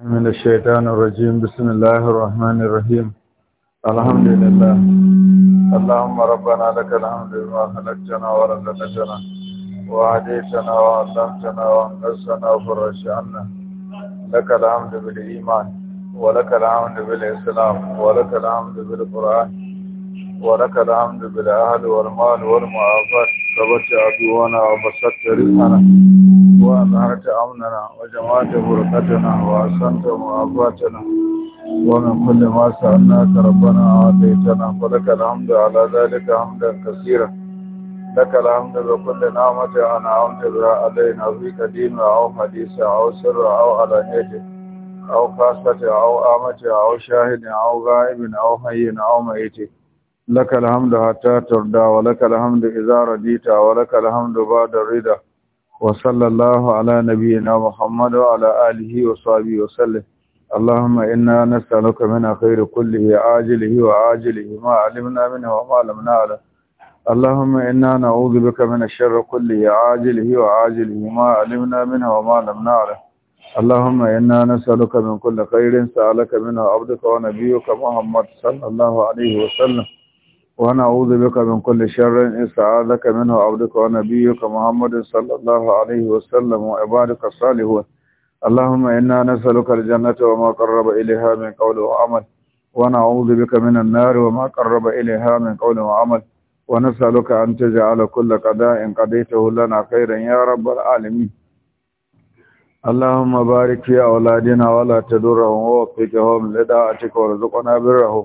من الشيطان الرجيم بسم الله الرحمن الرحيم الحمد لله اللهم ربنا لك الحمد لما خلقتنا ورزقتنا وهديتنا وعلمتنا وانقذتنا وفرجت عنا لك الحمد بالايمان ولك الحمد بالاسلام ولك الحمد بالقران ورک الحمد بالاهل والمال والمعافات قبرت عدونا وبسطت رزقنا وانهرت امننا وجمعت بركتنا واحسنت معافاتنا ومن كل ما سالناك ربنا اعطيتنا ولك الحمد على ذلك حمدا كثيرا لك الحمد بكل نعمة أنعمت بها علينا في قديم أو حديث أو سر أو علانية أو خاصة أو آمة أو شاهد أو غائب أو حي أو ميت لك الحمد حتى ترضى ولك الحمد إذا رديت ولك الحمد بعد الرضا وصلى الله على نبينا محمد وعلى آله وصحبه وسلم اللهم إنا نسألك من خير كله عاجله وعاجله ما علمنا منه وما لم نعلم اللهم إنا نعوذ بك من الشر كله عاجله وعاجله ما علمنا منه وما لم نعلم اللهم إنا نسألك من كل خير سألك منه عبدك ونبيك محمد صلى الله عليه وسلم ونعوذ بك من كل شر استعاذك منه عبدك ونبيك محمد صلى الله عليه وسلم وعبادك الصالحون اللهم إنا نسألك الجنة وما قرب إليها من قول وعمل ونعوذ بك من النار وما قرب إليها من قول وعمل ونسألك أن تجعل كل قضاء قضيته لنا خيرا يا رب العالمين اللهم بارك في أولادنا ولا تدرهم ووفقهم لداعتك وارزقنا برهم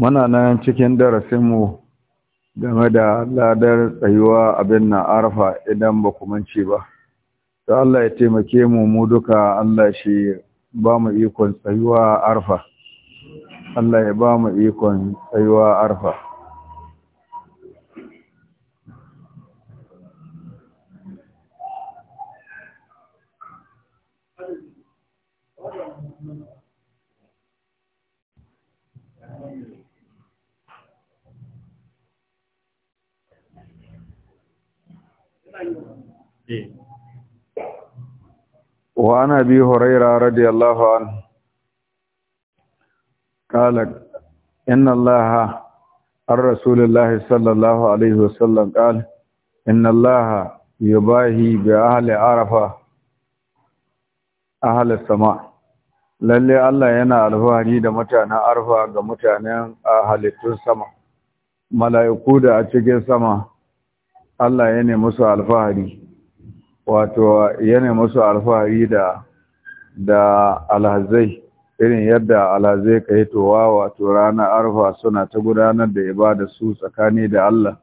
muna nan cikin darasinmu game da ladar tsayuwa abin na arfa idan ba ku mance ba ta Allah ya taimake mu mu duka Allah shi ba mu ikon tsayuwa arfa Allah ya ba mu ikon tsayuwa arfa وعن ابي هريره رضي الله عنه قال ان الله الرسول الله صلى الله عليه وسلم قال ان الله يباهي باهل عرفه اهل السماء lalle Allah yana alfahari da mutanen arfa ga mutanen halittun sama mala'iku da a cikin sama Allah ya ne musu alfahari wato ya ne musu alfahari da da alhazai irin yadda alhazai ka yi towa wato ranar arfa suna ta gudanar da ibada su tsakani da Allah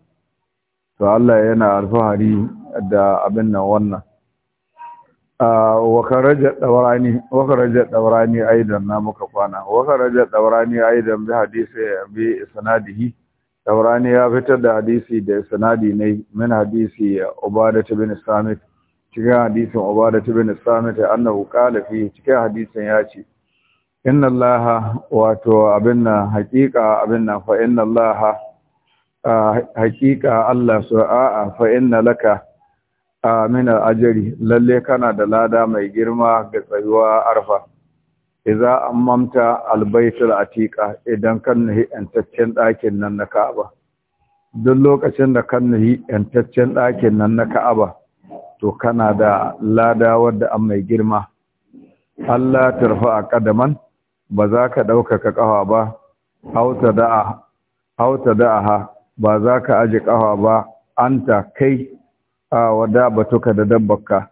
to Allah yana alfahari da abin nan wannan wakarajar ɗaurani wakarajar ɗaurani aidan na muka kwana wakarajar ɗaurani aidan bi hadisi bi sanadihi Taurani ya fitar da hadisi da sanadi ne min hadisi ubadatu bin samit cikin hadisin ubadatu bin samit annahu qala fi cikin hadisin ya ce inna Allah wato abinna haqiqa abinna fa inna allaha haqiqa allah su'a fa inna laka amina ajri lalle kana da lada mai girma ga tsayuwa arfa idza ammamta albaitul atiqa idan kan nahi yantaccen ɗakin nan na Ka'aba duk lokacin da kan nahi yantaccen ɗakin nan na Ka'aba to kana da lada wadda an mai girma Allah tarfa a ba za ka ɗaukaka ƙafa ba hauta da'a ha, ba za ka aji ƙafa ba anta kai a wada batuka da dabbaka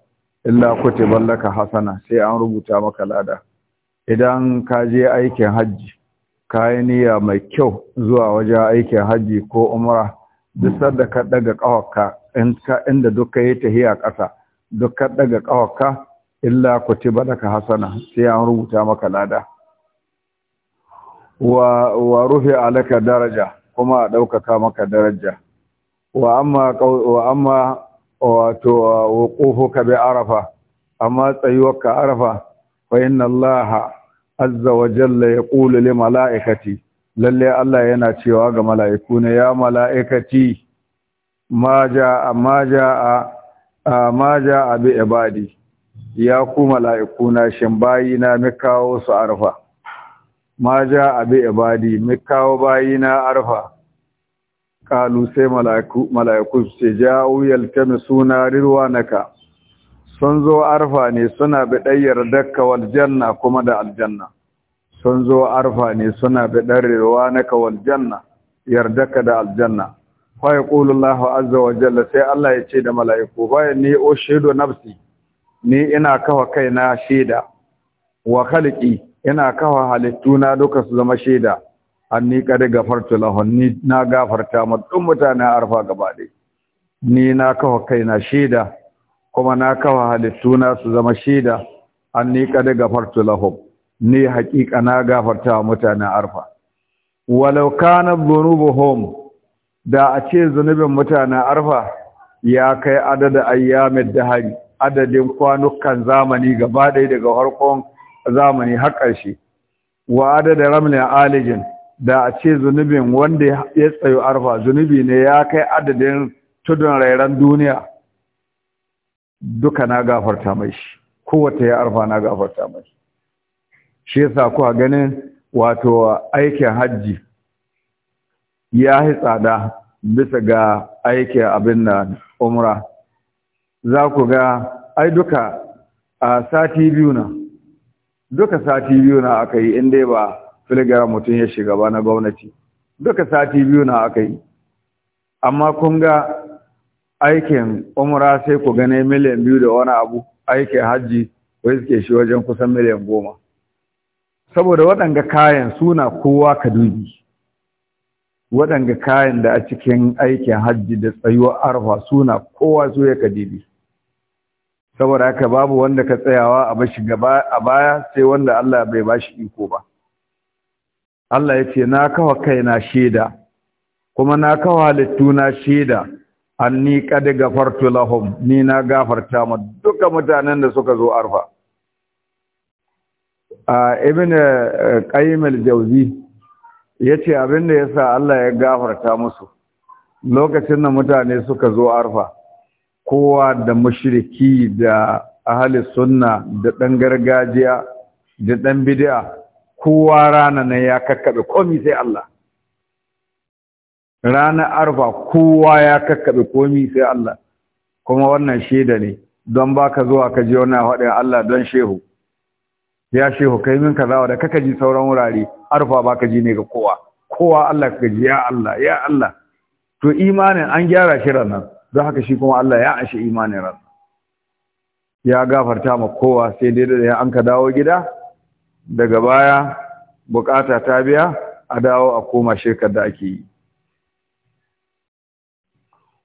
illa kutiba ballaka hasana sai an rubuta maka lada idan ka je aikin hajji ka yi niyya mai kyau zuwa wajen aikin hajji ko umra duk da ka daga ƙawarka inda duk ka yi tahiya ƙasa duk ka daga ƙawarka illa ku kutiba daga hasana sai an rubuta maka lada wa rufe alaka daraja kuma a ɗaukaka maka daraja wa amma wa amma wato bi arafa amma ka arafa فإن الله عز وجل يقول لملائكتي lalle Allah yana cewa ga mala'iku ne ya mala'ikati ma ja'a ma ja'a ma bi ibadi ya ku mala'iku na bayi na mi su arfa ma ja'a bi ibadi mi bayi na arfa kalu sai mala'iku mala'iku su ce ja'u yaltamisu na rirwanaka sun zo arfa ne suna ɗayyar dakka wal janna kuma da aljanna sun zo arfa ne suna biɗar na kawal janna yardarka da aljanna fa yaqulu azza wa jalla sai Allah ya ce da mala'iku bayan ni o shaidu nafsi ni ina kawa na shaida wa khalqi ina kawa halittuna duka su zama shaida ni kad gafar lahun ni na gafarta ma mutane mutanen arfa gaba ni na kawa na shaida kuma na kawa halittuna su zama shaida an ni kada gafartu lahum ni haƙiƙa na gafarta wa mutanen arfa walau kana dhunubuhum da a ce zunubin mutanen arfa ya kai adada ayyamin dahari adadin kwanukan zamani gaba ɗaya daga harkon zamani har ƙarshe wa adada ramlin alijin da a ce zunubin wanda ya tsayo arfa zunubi ne ya kai adadin tudun rairan duniya duka na gafarta mai shi kowace ya arfa na gafarta mai shi yasa kuwa ganin wato aikin hajji ya yi tsada bisa ga aikin abin na umra za ku ga ai duka a sati biyu na duka sati biyu na aka yi inda ba filigara mutum ya shiga ba na gwamnati duka sati biyu na aka yi amma kun ga aikin umra sai ku gane miliyan biyu da wani abu aikin hajji wai suke shi wajen kusan miliyan goma saboda waɗanga kayan suna kowa ka dubi waɗanga kayan da a cikin aikin hajji da tsayuwar arfa suna kowa su ya ka dubi saboda haka babu wanda ka tsayawa a bashi a baya sai wanda Allah bai bashi iko ba Allah ya ce na kawa na shaida kuma na kawa halittu na shaida anni qad ghafartu lahum ni na gafarta ma duka mutanen da suka zo arfa a ibn eh, qayyim al-jawzi yace abinda yasa Allah ya gafarta musu lokacin da mutane suka zo arfa kowa da mushriki da ahli sunna da dan gargajiya da dan bid'a kowa rana ne ya kakkabe komai sai Allah ranar arfa kowa ya kakkaɓe komi sai Allah kuma wannan shaida ne don ba ka zuwa ka ji wannan haɗin Allah don shehu ya shehu kai min kaza da kaka ji sauran wurare arfa ba ka ji ne ga kowa kowa Allah ka ji ya Allah ya Allah to imanin an gyara shi ranar don haka shi kuma Allah ya ashe imanin ranar ya gafarta ma kowa sai dai da an ka dawo gida daga baya bukata ta biya a dawo a koma shirkar da ake yi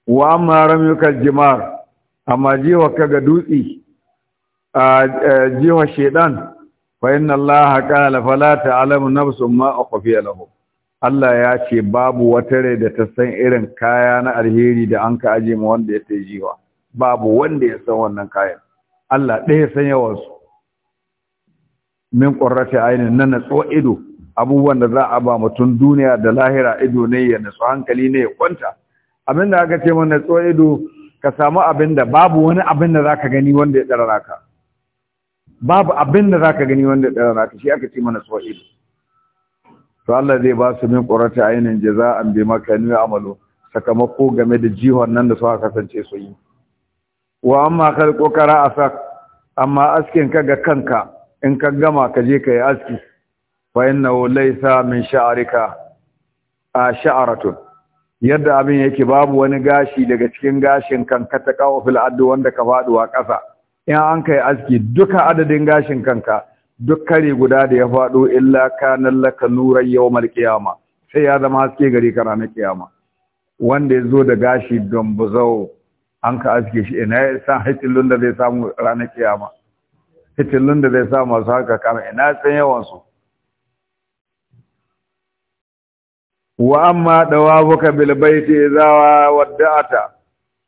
wa amma yukal jimar amma jiwa ka ga dutsi a jiwa shedan fa inna allaha qala fala ta'lamu nafsun ma ukhfiya lahu Allah ya ce babu wata rai da ta san irin kaya na alheri da an ka aje ma wanda ya tai jiwa babu wanda ya san wannan kayan Allah ɗaya san yawansu min ƙwarrace ainihin na natsuwa ido abubuwan da za a ba mutum duniya da lahira ido ne ya natsu hankali ne ya kwanta abin da aka ce mana tso ido ka samu abin da babu wani abin da zaka gani wanda ya tsara raka babu abin da zaka gani wanda ya tsara raka shi aka ce mana tso ido to Allah zai ba su min qurata aynin jaza'an bima kanu ya'malu sakamako game da jihon nan da suka kasance su yi wa amma khalqu qara'asak amma askin ka ga kanka in ka gama ka je ka yi aski fa innahu laysa min sha'rika a sha'ratun yadda abin yake babu wani gashi daga cikin gashin kanka ta kawo addu wanda ka a ƙasa in an kai aski duka adadin gashin kanka duk kare guda da ya faɗo illa kana laka nuran yawmal qiyama sai ya zama haske gari ka ranar kiyama wanda ya zo da gashi don buzau an ka aske shi ina ya san hitilun da zai samu ranar kiyama hitilun da zai samu su haka kama ina san yawansu wa amma dawafuka bil baiti idza wadda'ata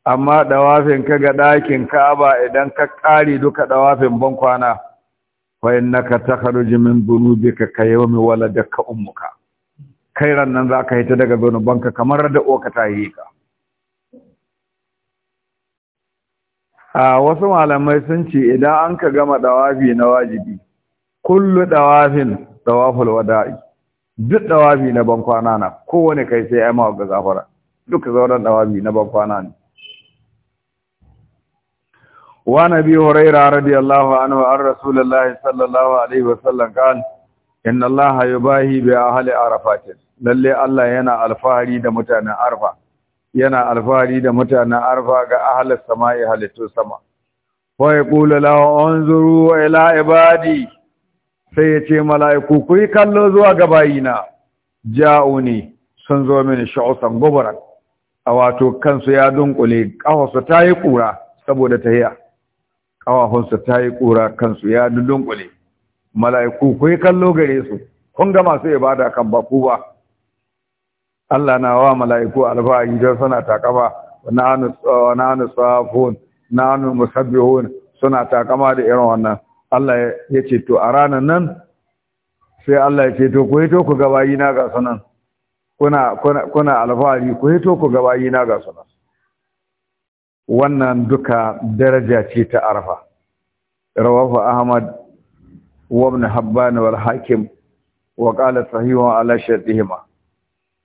amma dawafin ka ga dakin Ka'aba idan ka kare duka dawafin ban kwana fa innaka takhruj min dhunubika ka yawmi waladaka ummuka kairan nan zaka hita daga banka kamar da oka ta yi ka a wasu malamai sun ce idan an ka gama dawafi na wajibi kullu dawafin dawaful wada'i duk dawabi na bankwana na kowane kai sai ya yi mawa ga gafara duka zauren dawabi na bankwana ne وعن ابي هريره رضي الله عنه عن رسول الله صلى الله عليه وسلم قال ان الله يباهي باهل عرفات lalle Allah yana alfahari da mutanen arfa yana alfahari da mutanen arfa ga ahli samai halittu sama wa yaqulu la anzuru ila ibadi sai ya ce mala'iku ku yi kallo zuwa gabayina. ja’u ne sun zo mini sha'usan gubaran a wato kansu ya dunkule ƙawarsu ta yi ƙura saboda ta hiya ƙawarsu ta yi ƙura kansu ya dunkule mala'iku ku yi kallo gare su kun ga masu ibada kan baku ba Allah na wa mala'iku alfa'ari don suna takama na hannu tsafon na hannu musabbihun suna takama da irin wannan Allah ya ce to a ranar nan sai Allah ya ce to ku hito ku gabayi na ga sunan kuna kuna alfahari ku hito ku gabayi na ga sunan wannan duka daraja ce ta arfa rawahu ahmad wa ibn habban wal hakim wa qala sahihun ala shartihima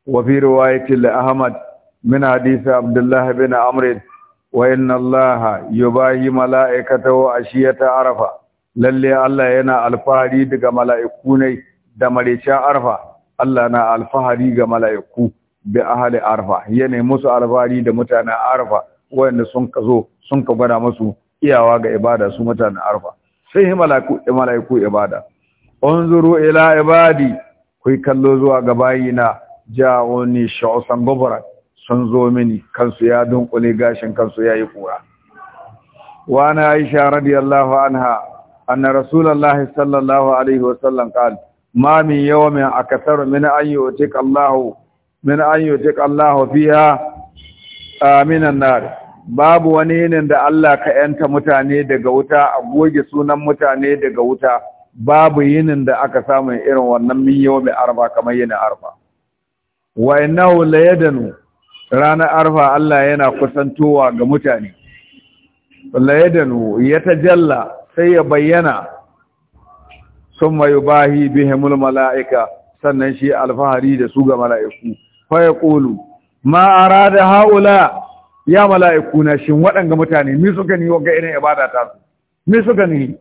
wa fi riwayati li ahmad min hadith abdullah bin amr wa inna allaha yubahi malaikatahu ashiyata arfa lalle Allah yana alfahari daga mala'iku ne da marece arfa Allah na alfahari ga mala'iku bi ahli arfa yana musu alfahari da mutanen arfa wayanda sun ka zo sun ka gwada musu iyawa ga ibada su mutanen arfa sai mala'iku mala'iku ibada unzuru ila ibadi ku kallo zuwa ga bayina ja'uni sha'usan gubrat sun zo mini kansu ya dunkule gashin kansu yayi kura wa na aisha radiyallahu anha Ana rasulullahi sallallahu alaihi wasallam qala ma min yawmin akthara min ayyutika Allahu min ayyutika Allahu fiha aminan nar babu wani yinin da Allah ka yanta mutane daga wuta a goge sunan mutane daga wuta babu yinin da aka samu irin wannan min yawmi arba kamar yinin arba wa innahu layadanu ranar arfa Allah yana kusantowa ga mutane layadanu ya tajalla sai ya bayyana sun mayu bahi bihimul mala'ika sannan shi alfahari da su ga mala'iku faya ƙolu ma'ara da haula ya mala'iku na shi waɗanga mutane mi suka ni wa ga irin ibada ta su mi suka ni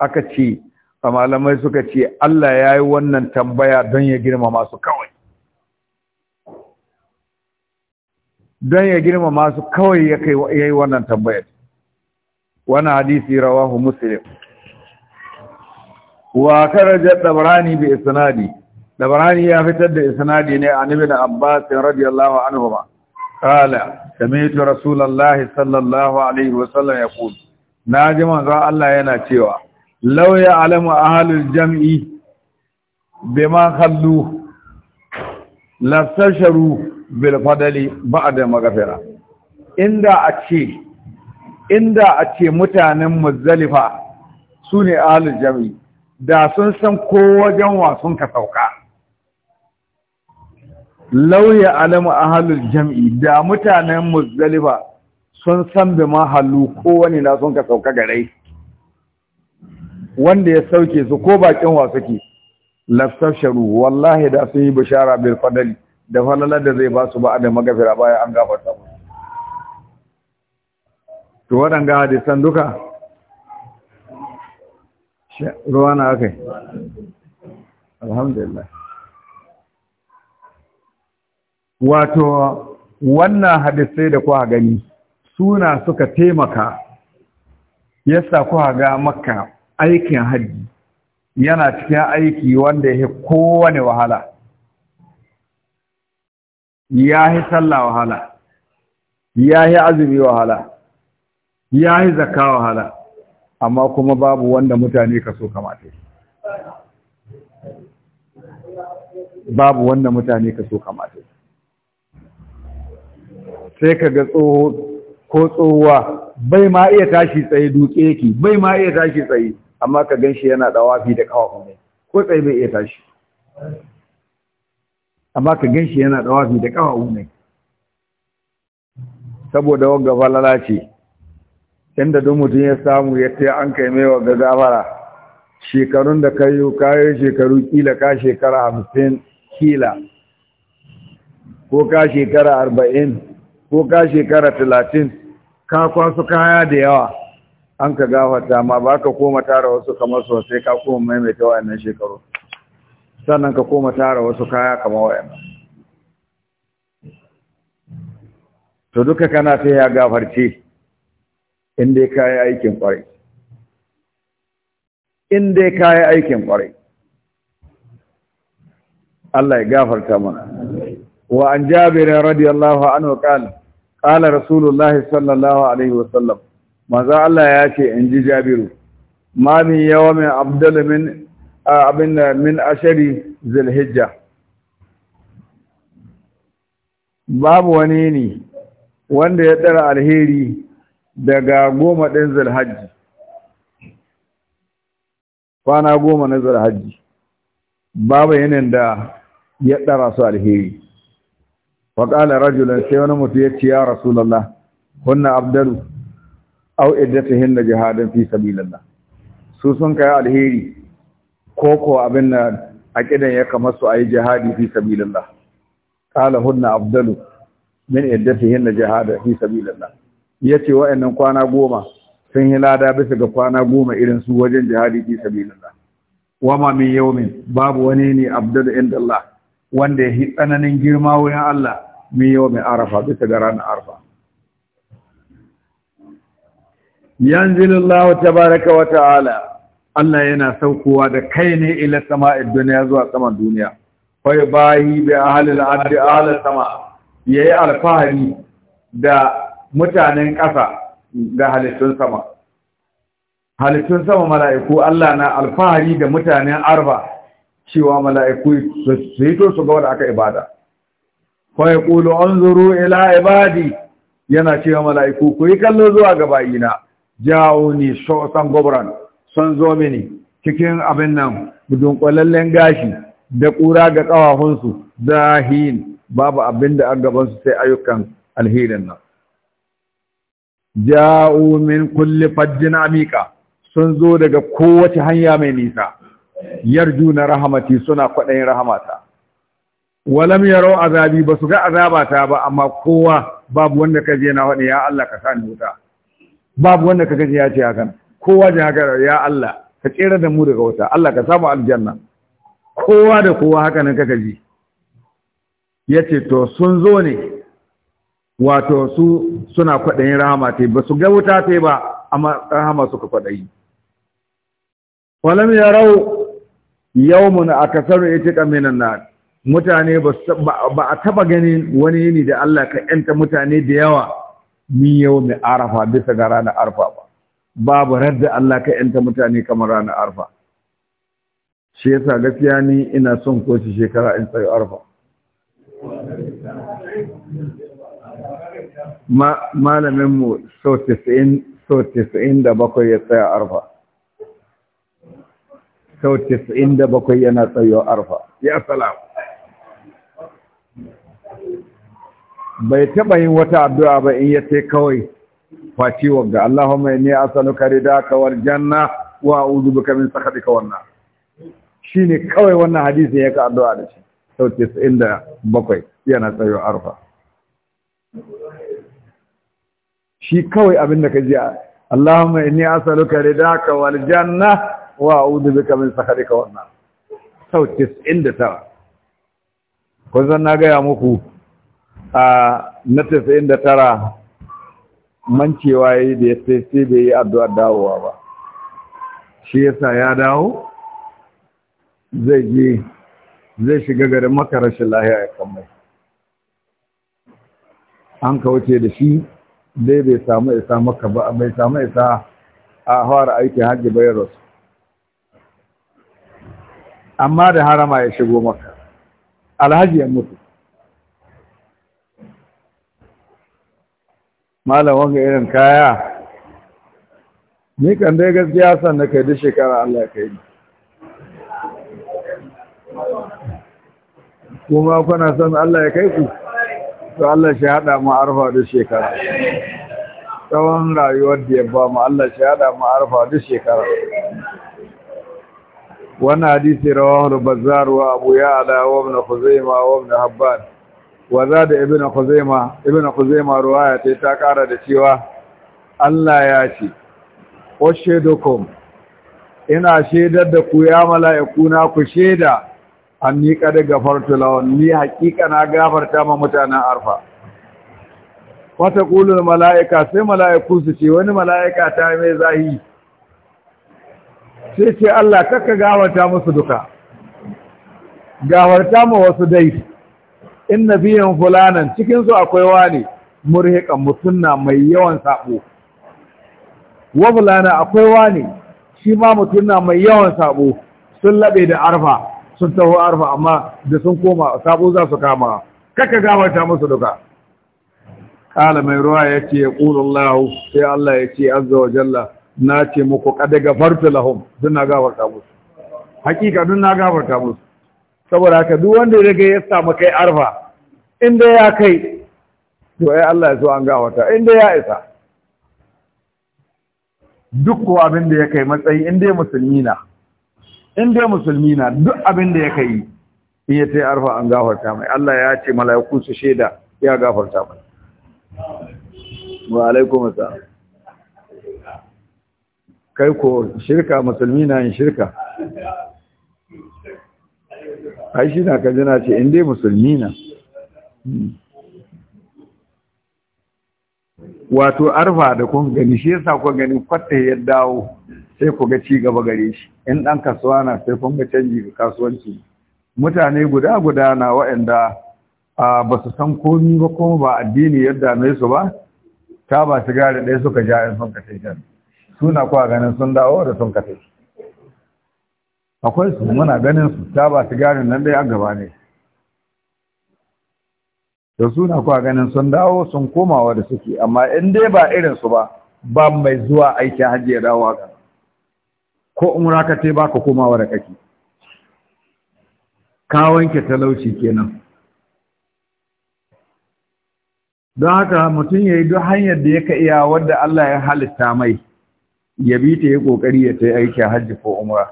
aka ce a malamai suka ce Allah ya yi wannan tambaya don ya girmama su kawai don ya girmama su kawai ya yi wannan tambayar wani hadisi rawahu muslim wa karaja dabrani bi isnadi dabrani ya fitar da isnadi ne an ibn abbas radiyallahu anhu ma qala sami'tu rasulullahi sallallahu alaihi wa wasallam yaqul naji manzo Allah yana cewa law ya'lamu ahlul jam'i bima khallu lastasharu bil fadli ba'da maghfira inda a ce inda a ce mutanen Muzalifa su ne alijami da sun san ko wajen wasun ka sauka lauya alamu halin jam'i da mutanen Muzalifa sun san bi mahallu wani na sun ka sauka gare wanda ya sauke su ko bakin wasu ke lafsasharu wallahi da sun yi bishara bil fadali da falala da zai ba su ba da magafira bayan an gafarta to waɗanga hadisan duka ruwa na aka yi alhamdulillah wato wannan hadisai da kuwa gani suna suka taimaka yasa kuwa ga maka aikin hajji yana cikin aiki wanda ya kowane wahala ya yi sallah wahala ya yi azumi wahala ya yi zakka wahala amma kuma babu wanda mutane ka so kamata babu wanda mutane ka so kamata sai ka ga tsoho ko tsohuwa bai ma iya tashi tsaye duke yake bai ma iya tashi tsaye amma ka gan shi yana dawafi da kawafu ne ko tsaye bai iya tashi amma ka gan shi yana dawafi da kawafu ne saboda wanga falala ce inda duk mutum ya samu ya ta an kai mai wa gafara shekarun da ka yi kayan shekaru kila ka shekara hamsin kila ko ka shekara arba'in ko ka shekara talatin ka kwasu kaya da yawa an ka gafata ma ba ka koma tara wasu kamar sosai ka koma maimaita wa'annan shekaru sannan ka koma tara wasu kaya kamar wa'annan to duka kana ta ya gafarce in dai yi aikin kwarai in dai yi aikin kwarai Allah ya gafarta mana wa an jabir radiyallahu anhu kan qala rasulullahi sallallahu alaihi wasallam Maza Allah ya ce in ji jabiru ma min yawmin abdal min abin min ashari zulhijja babu wani ne wanda ya tsara alheri daga goma ɗin zulhajji kwana goma na zulhajji babu yanayin da ya ɗara su alheri faƙalar rajulan sai wani mutu ya ciya rasulallah kunna abdalu au iddatihin da jihadin fi sabilillah su sun kai alheri ko ko abin da aqidan ya kamar su ayi jihadi fi sabilillah qala hunna abdalu min iddatihin da jihadin fi sabilillah ya ce wa'annan kwana goma sun yi lada bisa ga kwana goma irin su wajen jihadi fi sabilillah wama min yawmin babu wani ne abdul inda Allah wanda ya yi tsananin girma wurin Allah min yawmin arafa bisa ga ranar arafa ta tabaraka wa ta'ala Allah yana saukowa da kai ne ila sama'id ya zuwa saman duniya fai bayi bi ahlil ardi ala sama yayi alfahari da mutanen ƙasa ga halittun sama halittun sama mala'iku Allah na alfahari da mutanen arba cewa mala'iku su yi to su ga wadda aka ibada kawai ƙulu an zuru ila ibadi yana cewa mala'iku ku yi kallo zuwa ga bayina jawo ni sosan gwabran son zo mini cikin abin nan dunkulallen gashi da ƙura ga ƙawafinsu zahin babu abin da an gabansu sai ayyukan alherin nan ja'u min kulli fajjin amika sun zo daga kowace hanya mai nisa yarju na rahamati suna kwaɗayin rahamata walam yaro azabi ba su ga azabata ba amma kowa babu wanda ka je na wani ya Allah ka sani wuta babu wanda ka gaji ya ce hakan kowa da haka ya Allah ka tsere da mu daga wuta Allah ka samu aljanna kowa da kowa haka nan kaka ji yace to sun zo ne wato su suna kwaɗayin rahama ta ba su ga wuta ta ba amma rahama suka kwaɗayi walam ya rau yawmun ya ce ƙaminan na mutane ba a taɓa ganin wani yini da Allah ka yanta mutane da yawa yau mai arafa bisa ga ranar arfa ba babu radda Allah ka yanta mutane kamar ranar arfa shi yasa gaskiya ni ina son koci shekara in tsayo arfa malaminmu sau tisa'in sau bakwai ya tsaya arfa sau bakwai yana tsayo arfa ya salam bai taɓa yin wata addu'a ba in ya ce kawai faci wagga Allahumma inni kare da kawar janna wa a'udhu kamin min sakhatika wan Shi ne kawai wannan hadisi ka addu'a da shi sau bakwai yana tsayo arfa shi kawai abin da ka ji Allahumma inni as'aluka ridaka wal janna wa a'udhu bika min sakhatika wan nar sau 99 Ko zan na gaya muku a na 99 mancewa yi da ya sai sai bai yi addu'a dawowa ba shi yasa ya dawo zai je zai shiga garin makarashin lahiya ya kammai an ka da shi dai bai samu isa maka ba bai samu isa a fara aikin hajji bai rasu amma da harama ya shigo maka alhaji ya mutu malam wanga irin kaya ni kan dai gaskiya san na kai duk shekara Allah kai yi. kuma kuna son Allah ya kai ku to Allah shi haɗa mu arfa duk shekara tsawon rayuwar da ya ba mu Allah shi haɗa mu arfa duk shekara wannan hadisi rawahu al-bazzar wa abu ya'la wa ibn khuzaimah wa ibn habban wa zad ibn khuzaimah ibn khuzaimah riwaya ta ta kara da cewa Allah ya ce washedukum ina shedar da ku ya mala'ikuna ku sheda an ni kada gafartu lawan, ni haƙiƙa na gafarta ma mutanen arfa wata kulun malaika sai malaiku su ce wani malaika ta mai zahi sai ce Allah kakka gafarta musu duka gafarta ma wasu dai in biyan fulanan cikinsu su akwai wani murhiqan mutunna mai yawan sabo wa fulana akwai wani shi ma mutunna mai yawan sabo sun labe da arfa sun taho arfa amma da sun koma sabo za su kama kaka gabata musu duka kala mai ruwa ya ce ya Allah sai Allah ya ce azza wa jalla na ce muku kada gafarta lahum sun na gabata musu hakika dun na gabata musu saboda haka duk wanda ya ga ya samu kai arfa inda ya kai to ai Allah ya so an gafarta inda ya isa duk ko abin da ya kai matsayi inda musulmi na in dai musulmi na duk abin da ya kai in ya tai arfa an gafarta mai Allah ya ce mala'iku su shaida ya gafarta mai wa alaikum assalam kai ko shirka musulmi na yin shirka ai shi na kaji na ce in dai musulmi na wato arfa da kun gani shi yasa kun gani kwatta ya dawo sai ku ga ci gaba gare shi in ɗan kasuwa na sai kun ga canji ga kasuwanci mutane guda guda na waɗanda ba su san komi ba kuma ba addini yadda mai su ba ta ba sigari ɗaya suka ja in sun kashe can suna kuwa ganin sun dawo da sun kashe akwai su muna ganin su ta ba sigari nan ɗaya a gaba ne da suna kuwa ganin sun dawo sun komawa da suke amma in dai ba irin su ba ba mai zuwa aikin hajji ya dawo haka ko umra ka te baka komawa da kake ka wanke talauci kenan don haka mutum ya yi duk hanyar da yaka iya wadda Allah ya halitta mai ya bi ta ya kokari ya ta yi aiki hajji ko umra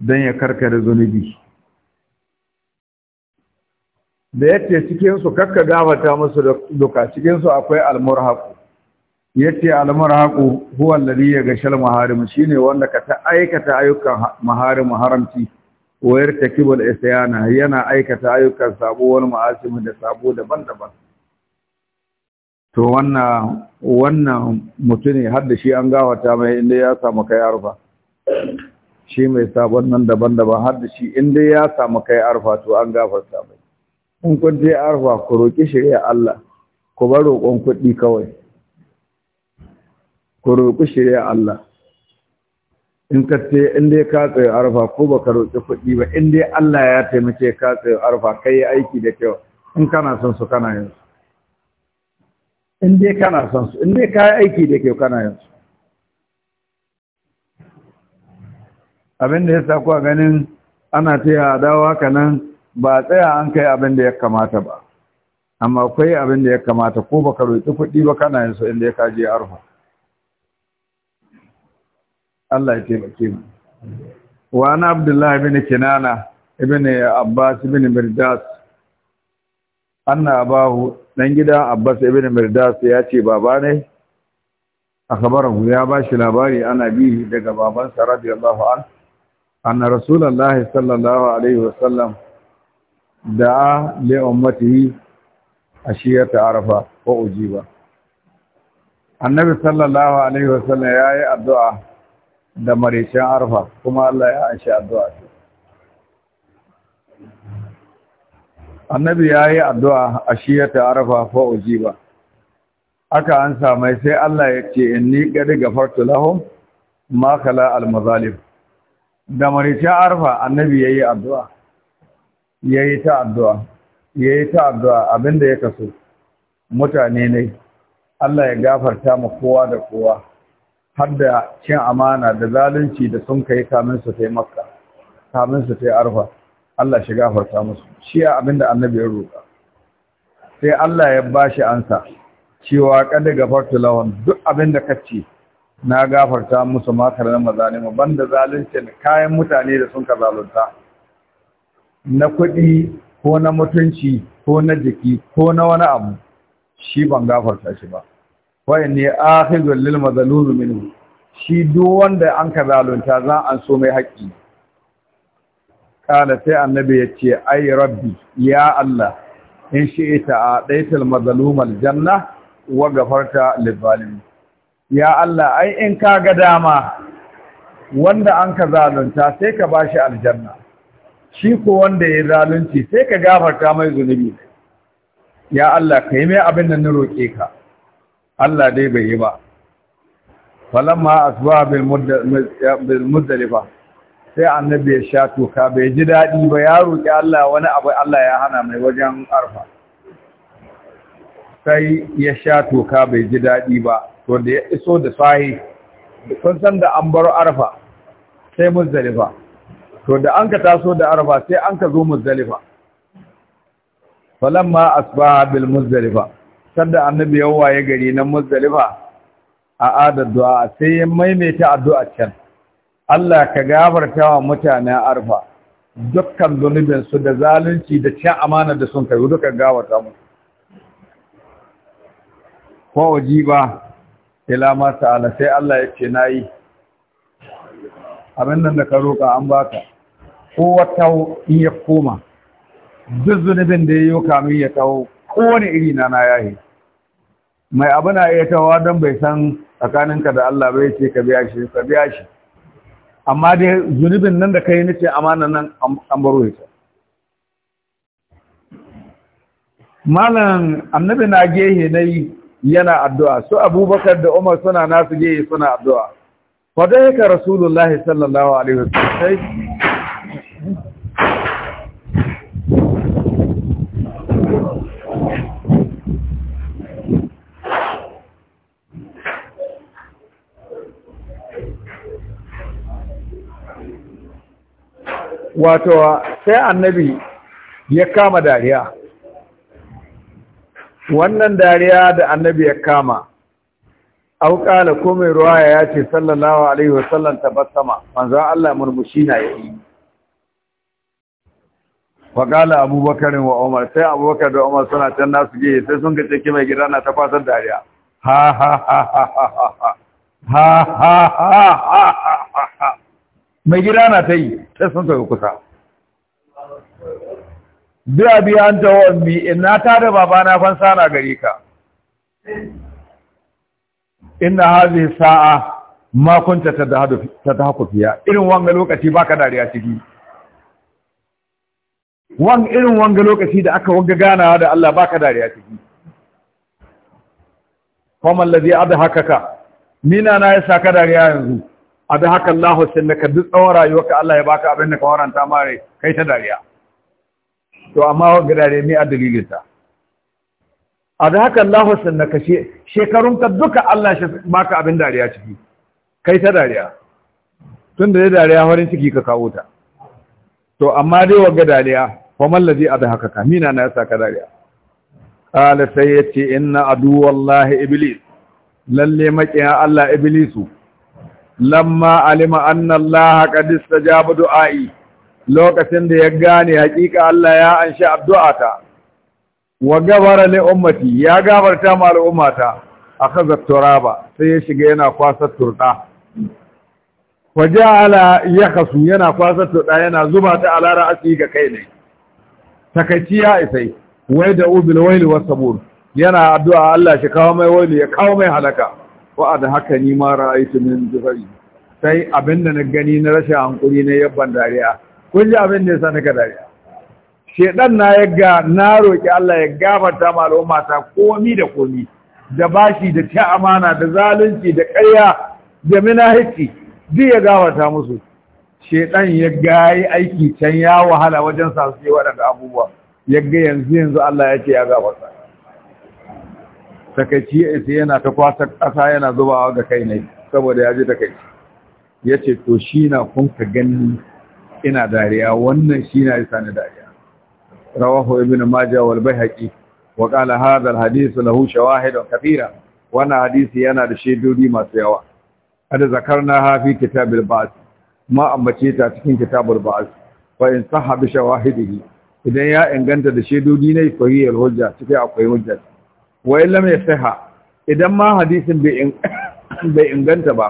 don ya karkare zunubi da yace cikinsu kakka gabata musu duka cikinsu akwai almurhaku yace al-marhaqu huwa alladhi yaghshal maharim shine wanda ka ta aikata ayyukan maharim haramci wayar takibul isyana yana aikata ayyukan sabo wal ma'asim da sabo daban-daban to wannan wannan mutune har da shi an gawata mai inda ya samu kai arfa shi mai sabon nan daban-daban har da shi inda ya samu kai arfa to an gafarta mai in kun je arfa ku roki shari'a Allah ku bar roƙon kuɗi kawai ku roƙi shirya Allah in ka te in dai ka tsaye arfa ko baka roƙi kuɗi ba in dai Allah ya taimake ka tsaye arfa kai yi aiki da kyau in kana son su kana yin su in dai kana son su in dai ka yi aiki da kyau kana yin su abin da ya sa kuwa ganin ana taya dawo haka nan ba tsaya an kai abin da ya kamata ba amma akwai abin da ya kamata ko baka roƙi kuɗi ba kana yin su in dai ka je arfa Allah ya taimake mu wa na Abdullahi ibn kinana ibn abbas ibn mirdas anna abahu dan gida abbas ibn mirdas ya ce baba ne akhbarahu ya bashi labari ana bi daga babansa radiyallahu an anna rasulullahi sallallahu alaihi wasallam da'a li ummatihi ashiyata arafa wa ujiba annabi sallallahu alaihi wasallam yayi addu'a da maricin arfa kuma Allah ya anshi addu'a annabi ya yi addu'a a shiyata arfa fa ba. aka an samai sai Allah ya ce in qad ga lahum lahun makala al da maricin arfa annabi ya yi addu'a ya yi ta addu'a ya yi ta addu'a abinda ya kaso mutane ne Allah ya gafarta ma kowa da kowa har da cin amana da zalunci da sun kai kamin su makka kamin su tai arfa Allah shi gafarta musu shi abinda annabi ya roƙa sai Allah ya bashi ansa cewa kada gafarta lawan duk abinda ka kace na gafarta musu makar na mazalim banda zalunci da kayan mutane da sun ka zalunta na kuɗi ko na mutunci ko na jiki ko na wani abu shi ban gafarta shi ba wa ne akhidhu lil mazlum minhu shi duk wanda an ka zalunta za an so mai haƙƙi kana sai annabi ya ce ai rabbi ya Allah in shi ita a ɗaitar al janna wa gafarta libalimi ya Allah ai in ka ga dama wanda an ka zalunta sai ka bashi aljanna shi ko wanda ya zalunci sai ka gafarta mai zunubi ya Allah ka yi mai abin da na roƙe ka Allah dai bai yi ba falamma asba bil muzdalifa sai annabi ya sha toka bai ji daɗi ba ya roƙi Allah wani abu Allah ya hana mai wajen arfa sai ya sha toka bai ji daɗi ba to da ya iso da sahi kun san da an baro arfa sai muzdalifa to da an ka taso da arfa sai an ka zo muzdalifa falamma asba bil muzdalifa sanda annabi ya waye gari na muzdalifa a adar du'a sai ya maimaita addu'a can Allah ka gafarta wa mutane arfa dukkan zunubin su da zalunci da cin amana da sun kai duka gafarta mu ko ba, ila ma ta'ala sai Allah ya ce nayi abin nan da ka roka an baka ko wata in ya koma duk zunubin da ya yi kamin ya kawo kowane iri na na yi. mai abu na iya tawa don bai san tsakaninka da Allah bai ce ka biya shi ka biya shi amma dai zunubin nan da kai nace amana nan an baro ita malam annabi na gehe nayi yana addu'a su abubakar da umar suna nasu gehe suna addu'a fa dai ka rasulullahi sallallahu alaihi wasallam wato sai annabi ya kama dariya wannan dariya da annabi ya kama auƙala ko mai ruwaya ya ce sallallahu alaihi wasallam tabassama manzon Allah murmushi na yi faƙala abubakarin wa umar sai abubakar da umar suna can nasu je sai sun ga mai gida na ta ha dariya ha ha ha ha ha ha ha ha ha ha ha mai gida na ta yi sai sun tafi kusa biya biya an ta wani ina ta da babana fansa na gari ka ina hazi sa'a ta ta haku fiya irin wanga lokaci baka dariya ciki wan irin wanga lokaci da aka wanga ganawa da Allah baka dariya ciki kuma haka adhakaka mina na yasa ka dariya yanzu abi haka Allah naka duk tsawon rayuwarka Allah ya baka abin da ka waranta mare kai ta dariya to amma ga dariya ne a dalilin ta abi haka Allah naka she shekarun ka duka Allah shi baka abin dariya ciki kai ta dariya tun da dariya horin ciki ka kawo ta to amma dai wa ga dariya fa mallazi abi haka ka mina na yasa ka dariya qala sayyati inna adu wallahi iblis lalle makiya Allah iblisu lamma alima anna allaha qad istajaba du'ai lokacin da ya gane hakika Allah ya anshi addu'ata wa gabara li ummati ya gabarta ma al'ummata akhadha turaba sai ya shiga yana kwasa turda waja'ala yakasu yana kwasa turda yana zuba ta ala ra'asi ga kai ne takaciya isai wai da ubil waili wasabur yana addu'a Allah shi kawo mai waili ya kawo mai halaka wa da haka ni ma ra'aytu min sai abinda na gani na rashin hankuri na yabban dariya kun ji abin da ya sa naka dariya shedan na ga na roki Allah ya gafarta ma al'umma komi da komi da bashi da ta amana da zalunci da ƙarya da minahici duk ya gafarta musu shedan ya yi aiki can ya wahala wajen sa su yi waɗanda abubuwa ya ga yanzu yanzu Allah ya ce ya gafarta takaici ya isa yana ta kwasa ƙasa yana zubawa ga kai ne saboda ya ji takaici ya ce to shi na kun ka gani ina dariya wannan shi na isa ni dariya rawahu ibn majah wal baihaqi wa qala hadha al hadith lahu shawahid kathira wannan hadisi yana da shaidodi masu yawa ada zakar na hafi kitabar ba'th ma ambace ta cikin kitabar ba'th fa in sahha bi idan ya inganta da shaidodi na fa hiya al hujja cikin akwai hujja wa illam ha, idan ma hadisin bai inganta ba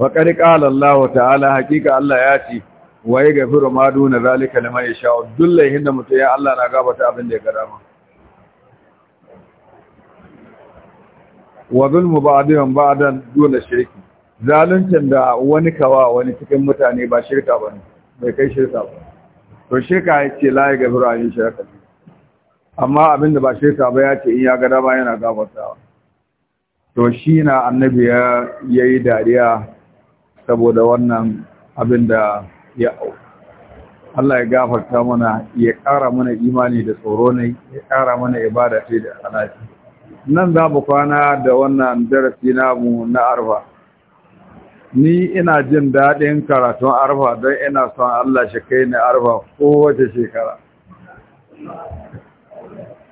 wa qad qala Allah ta'ala hakika Allah ya ce Wai ga gafiru ma duna zalika mai yasha dullahi hinda mutu ya Allah na gabata abin da ya gada ma wa zulmu ba'dihim ba'dan duna shirki zaluncin da wani kawa wani cikin mutane ba shirka bane bai kai shirka ba to shirka yake la ya gafiru yin shirka amma abin da ba shirka ba ya ce in ya gada ba yana gafartawa to shi na annabi ya yi dariya saboda wannan abin da ya au Allah ya gafarta mana ya ƙara mana imani da tsoro ne ya ƙara mana ibada ce da alaƙi nan za mu kwana da wannan darasi na mu na arfa ni ina jin daɗin karatun arfa don ina son Allah shi kai ni arfa kowace shekara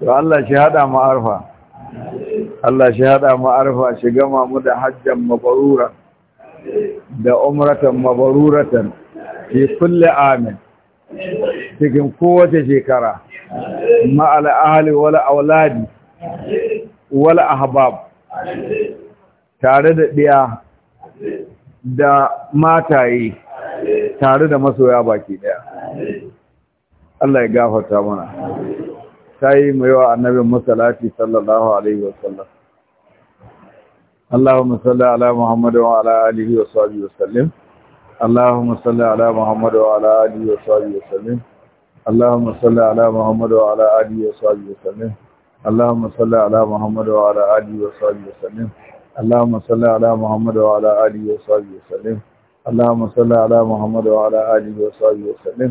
to Allah shi hada mu arfa Allah shi hada mu arfa shi gama mu da hajjan mabarura da umratan mabruratan fi kulli amin cikin kowace shekara ma al ahli wal auladi wal ahbab tare da ɗiya da mataye tare da masoya baki ɗaya. Allah ya gafarta mana. ta yi mai wa annabin masalafi sallallahu alaihi Allahumma salli ala wa ala alihi wa sahbihi wa sallim. Allahumma salli ala Muhammadu wa ala alihi wa sahbihi wa sallim. Allahumma salli ala Muhammadu wa ala alihi wa sahbihi wa sallim. Allahumma salli ala Muhammadu wa ala alihi wa sahbihi wa sallim. Allahumma salli ala Muhammadu wa ala alihi wa sahbihi wa sallim. Allahumma salli ala wa ala alihi wa sahbihi wa sallim. Allahumma salli ala wa ala alihi wa sahbihi wa sallim.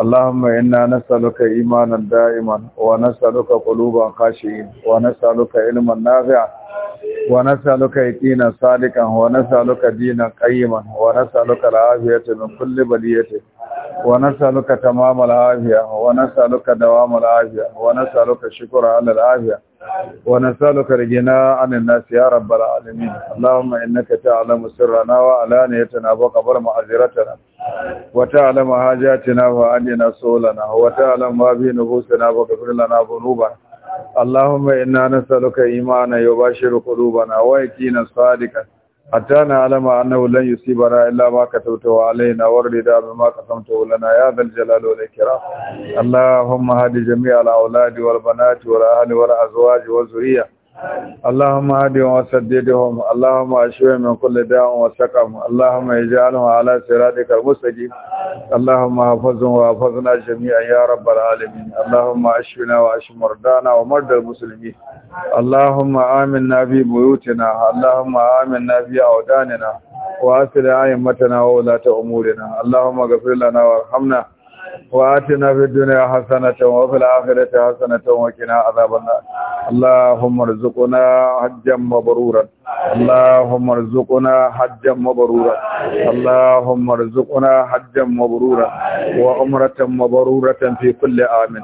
اللهم إنا نسألك إيمانا دائما ونسألك قلوبا خاشئين ونسألك علما نافعا ونسألك يقينا صادقا ونسألك دينا قيما ونسألك العافية من كل بلية ونسألك تمام العافية ونسألك دوام العافية ونسألك شكر على العافية ونسألك الجناء عن الناس يا رب العالمين اللهم إنك تعلم سرنا وعلانيتنا وقبر معذرتنا وتعلم حاجاتنا وعلينا سؤولنا وتعلم ما به نبوسنا وغفر لنا ذنوبنا اللهم إنا نسألك إيمانا يباشر قلوبنا ويكينا صادقا حتى نعلم أنه لن يصيبنا إلا ما كتبته علينا والرضا بما قسمته لنا يا ذا الجلال والإكرام اللهم هدي جميع الأولاد والبنات والأهل والأزواج والذرية اللهم اهدهم وسددهم اللهم اشفهم من كل داء وسقم اللهم اجعلهم على صراطك المستقيم اللهم احفظهم واحفظنا جميعا يا رب العالمين اللهم اشفنا واشف مرضانا ومرضى المسلمين اللهم امنا في بيوتنا اللهم امنا في اوداننا واصلح ائمتنا وولاه امورنا اللهم اغفر لنا وارحمنا وآتنا في الدنيا حسنة وفي الآخرة حسنة وقنا عذاب النار اللهم ارزقنا حجا مبرورا اللهم ارزقنا حجا مبرورا اللهم ارزقنا حجا مبرورا وعمرة مبرورة في كل عام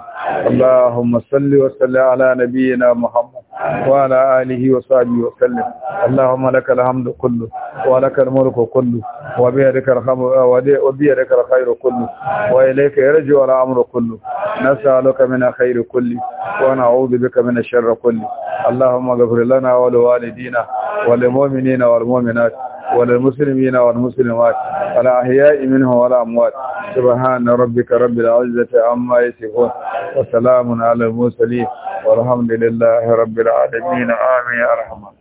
اللهم صل وسلم على نبينا محمد وعلى آله وصحبه وسلم اللهم لك الحمد كله ولك الملك كله وبيدك الخمر وبيدك الخير كله وإليك يرجع الأمر كله نسألك من الخير كله ونعوذ بك من الشر كله اللهم اغفر لنا ولوالدينا وللمؤمنين والمؤمنات وللمسلمين والمسلمات والأحياء منهم والأموات سبحان ربك رب العزة عما يصفون وسلام على المرسلين والحمد لله رب العالمين آمين يا رحمن